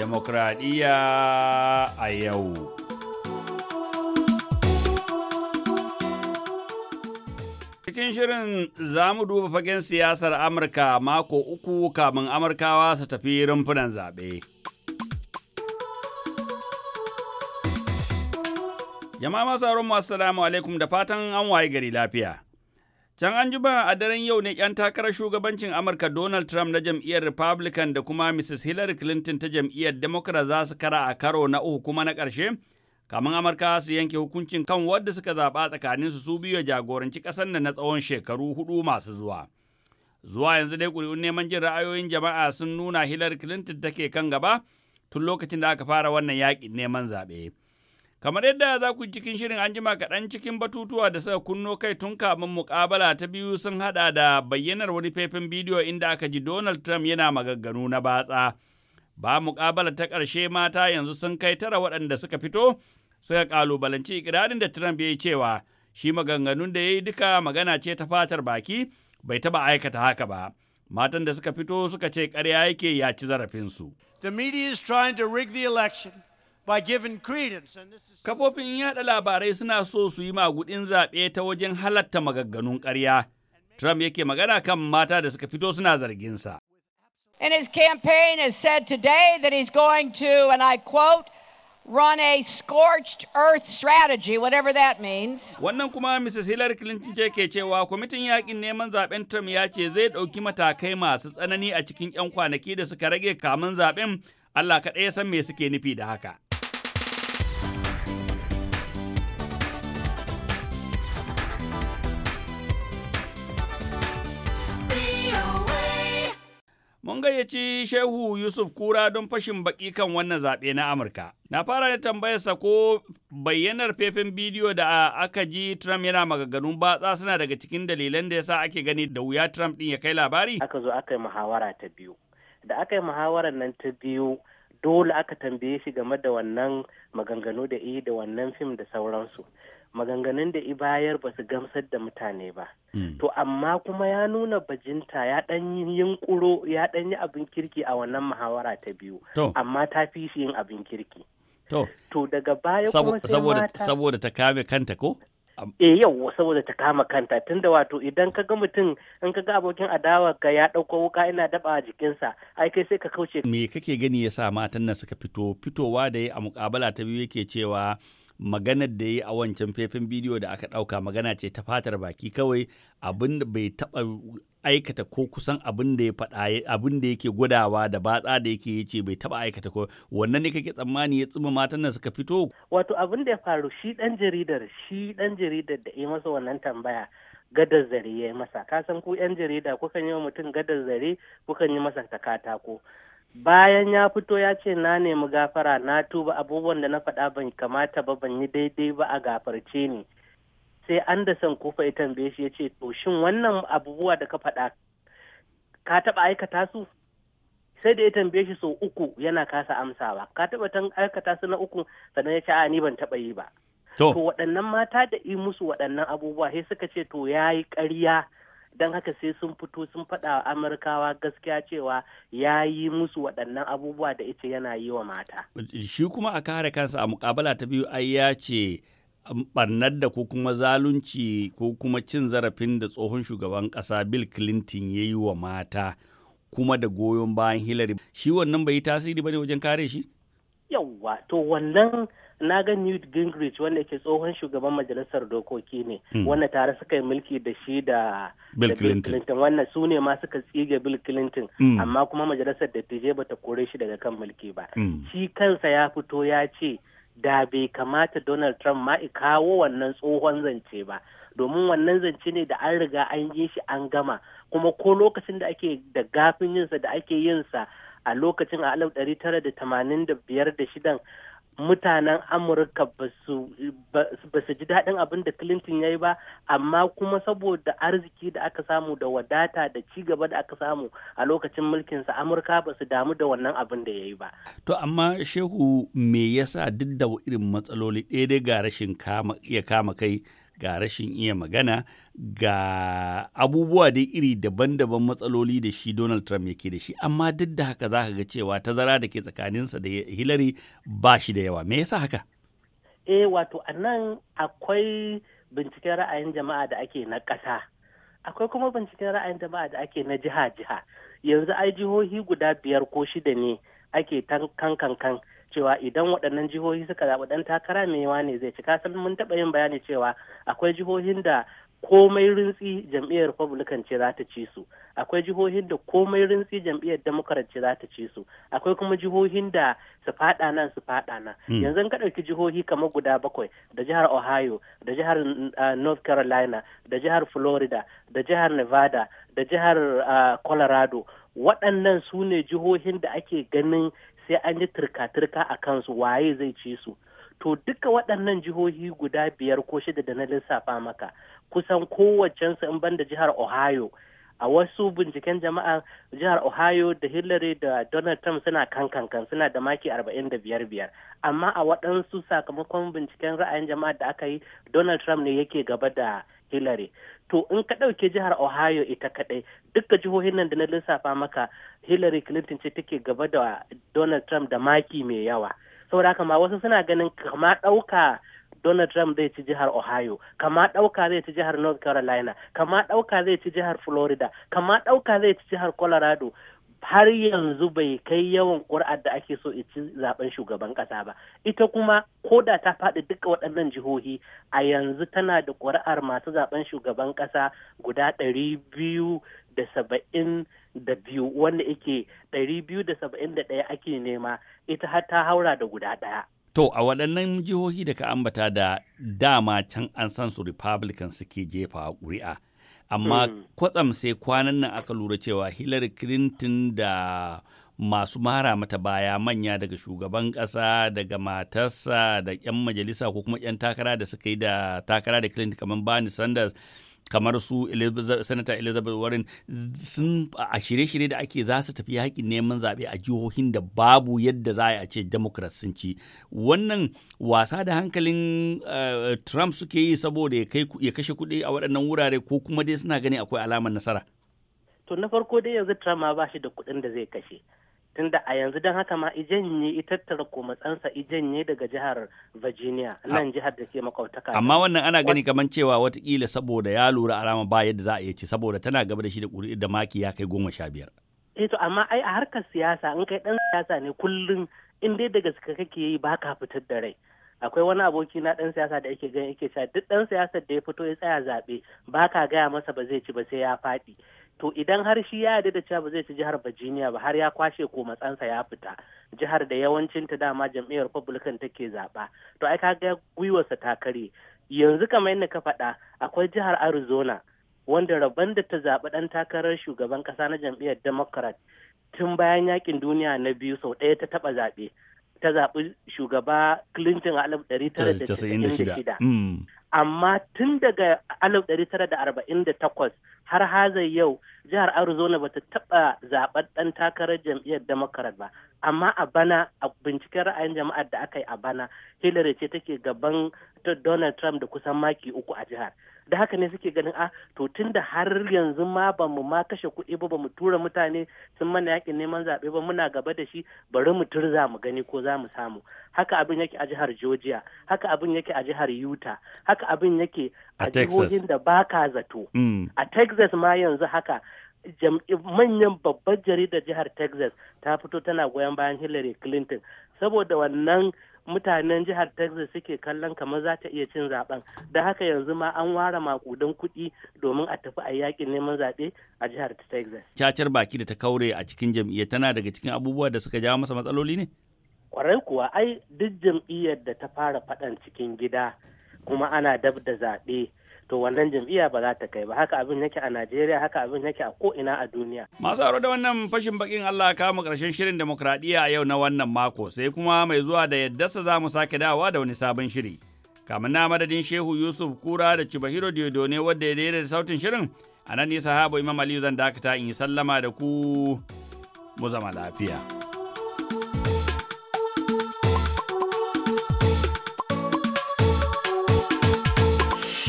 demokradiyya a yau. Cikin shirin za mu duba fagen siyasar Amurka mako uku kamin Amurkawa su tafi rumfunan zaɓe. Jama'a masu masu salamu alaikum da fatan an waye gari lafiya. Can an a daren yau ne 'yan takarar shugabancin Amurka Donald Trump na jam'iyyar Republican da kuma Mrs. Hillary Clinton ta jam'iyyar Democrat za su kara a karo na uku kuma na ƙarshe, kamin Amurka su yanke hukuncin kan wadda suka zaɓa tsakaninsu su biyu jagoranci ƙasar da na tsawon shekaru hudu masu zuwa. Zuwa yanzu dai ƙuri'un neman jin ra'ayoyin jama'a sun nuna Hillary Clinton take kan gaba tun lokacin da aka fara wannan yaƙin neman zaɓe. Kamar yadda za ku cikin shirin an jima kaɗan cikin batutuwa da suka kunno kai tun kamin mukabala ta biyu sun haɗa da bayyanar wani faifin bidiyo inda aka ji Donald Trump yana magagganu na batsa. Ba muƙabala ta ƙarshe mata yanzu sun kai tara waɗanda suka fito suka ƙalubalanci ikirarin da Trump ya yi cewa shi maganganun da ya yi duka magana ce ta fatar baki bai taɓa aikata haka ba. Matan da suka fito suka ce ƙarya yake ya ci zarafinsu. The media is trying to rig the election. Kafofin yada labarai suna so su yi magudin zaɓe ta wajen halatta magagganun ƙarya. Trump yake magana kan mata da suka fito suna zarginsa. in his campaign has said today that he's going to, and I quote, run a scorched earth strategy, whatever that means. Wannan kuma Mrs. Hillary Clinton ce ke cewa kwamitin yakin neman zaben Trump ya ce zai ɗauki matakai masu tsanani a cikin 'yan kwanaki da suka rage kamun zaben Allah kaɗai ya san me suke nufi da haka. mun gayyaci Shehu Yusuf Kura don fashin baki kan wannan zaɓe na Amurka. Na fara da tambayarsa ko bayyanar faifin bidiyo da aka ji Trump yana maganganun batsa suna daga cikin dalilan da yasa ake gani da wuya Trump ɗin ya kai labari? Aka zo aka yi muhawara ta biyu. Da aka yi muhawarar nan ta biyu dole aka tambaye shi game da wannan maganganu da yi da wannan fim da sauransu. maganganun da i bayar ba su gamsar da mutane ba hmm. to amma kuma ya nuna bajinta ya ɗan kuro ya ɗan yi abin kirki a wannan muhawara ta biyu amma ta fi shi yin abin kirki to daga baya kuma saboda ta kame kanta ko e eh, yau saboda ta kama kanta tunda wato idan ka ga mutum in ka ga abokin adawa ka ya ɗauko wuka ina daba a jikinsa ai kai sai ka kauce me kake gani yasa matan nan suka fito fitowa da a mukabala ta biyu yake cewa maganar da ya yi a wancan faifin bidiyo da aka ɗauka magana ce ta fatar baki kawai abin da bai taɓa aikata ko kusan abin da ya faɗa abin da yake gudawa da batsa da yake yace bai taɓa aikata ko wannan ne kake tsammani ya tsima matan nan suka fito wato abin da ya faru shi dan jaridar shi dan jaridar da ya masa wannan tambaya gadar zare ya yi masa kasan ku yan jarida kukan yi wa mutum gadar zare kukan yi masa ta katako bayan ya fito ya ce na nemi gafara na tuba abubuwan da na faɗa ban kamata ba ban yi daidai ba a gafarce ni sai anderson kufa ya tambaye shi ya ce to shin wannan abubuwa da ka faɗa ka taɓa aikata su sai da ya tambaye shi sau uku yana kasa amsawa ka taɓa tan aikata su na uku sannan ya ce a ni ban taɓa yi ba to waɗannan mata da yi musu waɗannan abubuwa sai suka ce to ya yi ƙarya don haka sai sun fito sun faɗa wa amurkawa gaskiya cewa ya yi musu waɗannan abubuwa da ita yana yi wa mata shi kuma a kare kansa a mukabala ta biyu ai ya ce barnar da ko kuma zalunci ko kuma cin zarafin da tsohon shugaban ƙasa bill clinton ya yi wa mata kuma da goyon bayan hillary shi wannan bai yi tasiri ba ne wajen kare shi yawwa to wannan na ga newt gingrich wanda yake tsohon shugaban majalisar dokoki ne hmm. wanda tare suka yi mulki da shi da bill clinton wannan su ne ma suka tsige bill clinton hmm. amma kuma majalisar dattijai bata kore shi daga kan mulki ba hmm. shi kansa ya fito ya ce da bai kamata donald trump ma kawo wannan tsohon zance ba domin wannan zance ne da an riga an yi shi an gama kuma ko lokacin da ake da gafin yinsa da ake yinsa a lokacin a alaf ɗari tara da tamanin da biyar da shidan mutanen amurka ba su ji daɗin abin da clinton ya yi ba amma kuma saboda arziki da aka samu da wadata da ci gaba da aka samu a lokacin mulkinsa amurka ba su damu da wannan abin da ya yi ba to amma shehu me yasa duk da irin matsaloli ɗaya dai ga rashin ya kama kai ga rashin iya magana ga abubuwa dai iri daban-daban matsaloli da shi Donald Trump yake da shi amma duk da haka za ga cewa tazara da ke tsakaninsa da Hillary ba shi da yawa me yasa haka eh wato anan akwai binciken ra'ayin jama'a da ake na ƙasa akwai kuma binciken ra'ayin jama'a da ake na jiha-jiha yanzu ai jihohi guda biyar ko shida ne ake kan kan cewa idan waɗannan jihohi suka zaɓi ɗan takara mai wane zai ci kasan mun taɓa yin bayani cewa akwai jihohin da komai rintsi jam'iyyar republican ce za ta ci su akwai jihohin da komai rintsi jam'iyyar democrat ce za ta ci su akwai kuma jihohin da su fada nan su fada nan hmm. yanzu ka ɗauki jihohi kamar guda bakwai da jihar ohio da jihar uh, north carolina da jihar florida da jihar nevada da jihar uh, colorado waɗannan su ne jihohin da ake ganin sai an yi turka-turka a kansu waye zai ci su to duka waɗannan jihohi guda biyar ko shida da na lissafa maka kusan kowacensu in banda jihar ohio a wasu binciken jama'a jihar ohio da hillary da donald trump suna kan kankan suna da maki arba'in da biyar biyar amma a waɗansu sakamakon binciken ra'ayin jama'a da aka yi donald trump ne yake gaba da hillary to in ka ɗauke jihar ohio ita kaɗai duka jihohin nan da na lissafa maka hillary clinton ce take gaba da donald trump da maki mai yawa saboda haka ma wasu suna ganin kama ɗauka Donald Trump zai ci jihar Ohio, kama ɗauka zai ci jihar North Carolina, kama ɗauka zai ci jihar Florida, kama ɗauka zai ci jihar Colorado. Har yanzu bai kai yawan ƙuri'ar da ake so ci zaben shugaban ƙasa ba. Ita kuma ko da ta faɗi duka waɗannan jihohi a yanzu tana da ƙuri'ar masu zaben shugaban ƙasa guda ɗari biyu da saba'in da biyu wanda yake ɗari biyu da saba'in da ɗaya ake nema ita har ta haura da guda ɗaya. To, a waɗannan jihohi da ka ambata da dama can an san su Republican suke jefa ƙuri'a. Amma hmm. kwatsam sai kwanan nan aka lura cewa Hillary Clinton da masu mara mata baya manya daga shugaban ƙasa daga matarsa da 'yan majalisa ko kuma 'yan takara da suka yi da takara da Clinton kamar Bernie Sanders kamar su Senator Elizabeth Warren sun a shirye-shirye da ake za su tafi haƙin neman zaɓe a jihohin da babu yadda za a ce Democrats sun ci. Wannan wasa da hankalin eh, Trump suke yi saboda ya kashe kuɗi a waɗannan wurare ko kuma dai suna ganin akwai alamar nasara. To na farko dai yanzu Trump ma ba shi da kuɗin da zai kashe. tunda a yanzu don haka ma ijanye itattara komatsansa ijanye daga jihar Virginia nan jihar da ke makautaka. Amma wannan ana gani kamar cewa watakila saboda ya lura alama ba yadda za a iya ci saboda tana gaba da shi da ƙuri'ar da maki ya kai goma sha biyar. Eh to amma ai a harkar siyasa in kai ɗan siyasa ne kullum in dai daga suka kake yi ba ka fitar da rai. akwai wani aboki na dan siyasa da yake gani yake cewa duk dan siyasar da ya fito ya tsaya zaɓe ba ka gaya masa ba zai ci ba sai ya faɗi to idan har shi ya yadda da cewa ba zai ci jihar Virginia ba har ya kwashe ko matsansa ya fita jihar da yawancin ta dama jam'iyyar Republican take zaba to ai kaga gwiwarsa ta kare yanzu kamar yadda ka faɗa akwai jihar Arizona wanda rabon da ta zaɓi ɗan takarar shugaban ƙasa na jam'iyyar Democrat tun bayan yakin duniya na biyu sau ɗaya ta taɓa zaɓe ta zaɓi shugaba Clinton a 1996 mm. amma tun daga 1948 har haza yau jihar arizona ba ta taɓa zaɓar ɗan takarar jam'iyyar democrat ba amma a bana a binciken ra'ayin jama'ar da aka yi a bana hillary ce take gaban donald trump da kusan maki uku a jihar da haka ne suke ganin a ah, to tun da har yanzu ma ba mu ma kashe kuɗi ba ba mu tura mutane sun mana yakin neman zaɓe ba muna gaba da shi bari mu turza mu gani ko za mu samu haka abin yake a jihar georgia haka abin yake a jihar utah haka abin yake a jihohin da ba ka zato. Mm. A Texas ma yanzu haka manyan babbar jaridar jihar Texas ta fito tana goyon bayan Hillary Clinton saboda wannan mutanen jihar Texas suke kallon kamar za ta iya cin zaben da haka yanzu ma an ware makudan kuɗi domin a tafi a yakin neman zaɓe a jihar Texas. Cacar baki da ta kaure a cikin jam'iyyar tana daga cikin abubuwa da suka jawo masa matsaloli ne? Kwarai kuwa ai duk jam'iyyar da ta fara faɗan cikin gida kuma ana dab da zaɓe to wannan jam'iyya ba za ta kai ba haka abin yake a Najeriya haka abin yake a ko'ina a duniya. Masu aro da wannan fashin bakin Allah ka mu karshen shirin demokradiyya a yau na wannan mako sai kuma mai zuwa da sa za mu sake dawa da wani sabon shiri. kamar na madadin Shehu Yusuf Kura da Cibahiro Diodo ne wanda ya daidai da sautin shirin a nan ne sahabo Imam Aliyu zan dakata in yi sallama da ku mu zama lafiya.